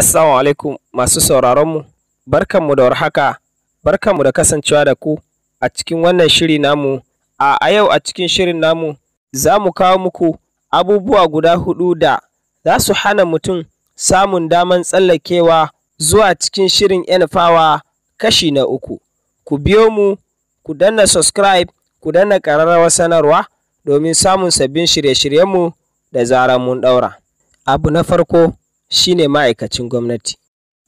Assalamu alaikum masu sauraronmu, barkanmu da warhaka, barkanmu da kasancewa da ku a cikin wannan shiri namu. A yau a cikin shirin namu za mu kawo muku abubuwa guda hudu da za su hana mutum samun daman tsallakewa zuwa cikin shirin fawa kashi na uku. Ku biyo mu, ku danna subscribe, ku danna ƙararrawar sanarwa domin samun sabbin shirye-shiryenmu da zara mun ɗaura. Abu na farko. Shi ne ma'aikacin gwamnati.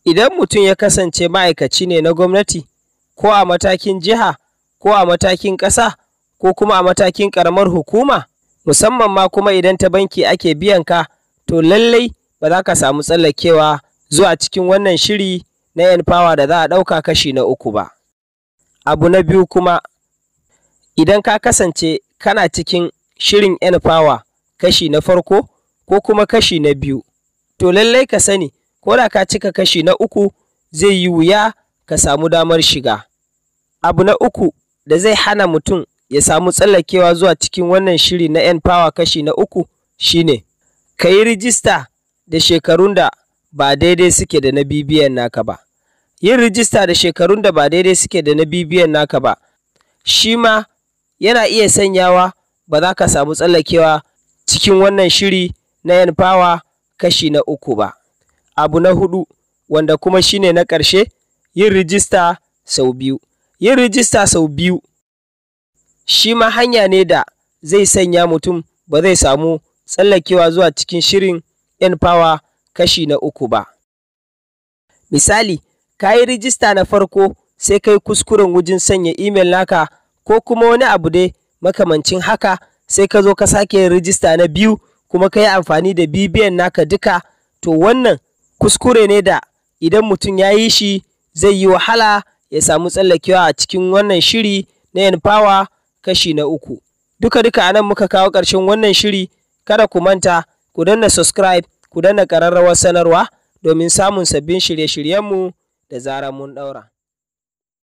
Idan mutum ya kasance ma'aikaci ne na gwamnati, ko a matakin jiha, ko a matakin ƙasa, ko kuma a matakin ƙaramar hukuma, musamman ma kuma idan ta banki ake biyan ka, to lallai ba za ka samu tsallakewa zuwa cikin wannan shiri na 'Yan yanfawa da za a ɗauka kashi na uku ba. Abu na biyu kuma, idan ka kasance kana cikin shirin 'Yan yanfawa kashi na farko ko kuma kashi na biyu, to lallai ka sani ko da ka cika kashi na uku zai yi wuya ka samu damar shiga abu na uku da zai hana mutum ya samu tsallakewa zuwa cikin wannan shiri na yan fawa kashi na uku shine ka yi rijista da shekarun da ba daidai suke da na bibiyan naka ba yin rijista da shekarun da ba daidai suke da na bibiyan naka ba shi ma yana iya sanyawa ba za ka samu tsallakewa cikin wannan shiri na yan fawa kashi na uku ba. Abu na hudu wanda kuma shine na ƙarshe yin rijista sau biyu. Yin rijista sau biyu shi ma hanya ne da zai sanya mutum ba zai samu tsallakewa zuwa cikin shirin yan fawa kashi na uku ba. Misali, ka yi rijista na farko sai kai kuskuren wujin sanya imel naka ko kuma wani abu dai makamancin haka sai ka zo ka sake yin rijista na biyu kuma ka yi amfani da bibiyan naka duka to wannan kuskure ne da idan mutum ya yi shi zai yi wahala ya samu tsallakewa a cikin wannan shiri na yanfawa kashi na uku duka duka anan muka kawo ƙarshen wannan shiri kada ku manta ku danna subscribe ku danna ƙararrawar sanarwa domin samun sabbin shirye-shiryenmu da zarar mun ɗaura.